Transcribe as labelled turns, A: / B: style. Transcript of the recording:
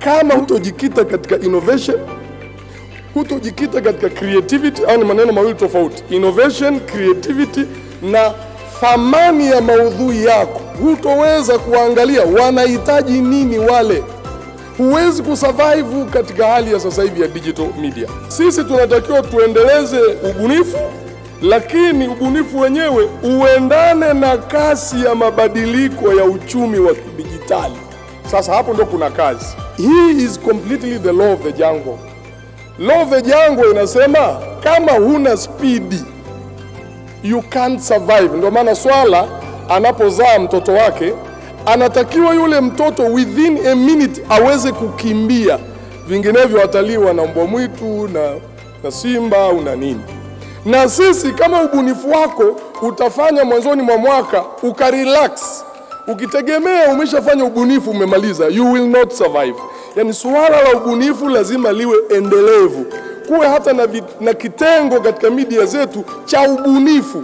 A: Kama hutojikita katika innovation, hutojikita katika creativity, au ni maneno mawili tofauti, innovation, creativity na thamani ya maudhui yako, hutoweza kuangalia wanahitaji nini wale. Huwezi kusurvive katika hali ya sasa hivi ya digital media. Sisi tunatakiwa tuendeleze ubunifu, lakini ubunifu wenyewe uendane na kasi ya mabadiliko ya uchumi wa kidijitali. Sasa hapo ndo kuna kazi. He is completely the law of the jungle. Law of the jungle inasema kama huna spidi you can't survive. Ndio maana swala anapozaa mtoto wake anatakiwa yule mtoto within a minute aweze kukimbia, vinginevyo ataliwa na mbwa mwitu na, na simba au na nini. Na sisi kama ubunifu wako utafanya mwanzoni mwa mwaka ukarelax Ukitegemea umeshafanya ubunifu umemaliza, you will not survive. Yani suala la ubunifu lazima liwe endelevu, kuwe hata na, na kitengo katika media zetu cha ubunifu.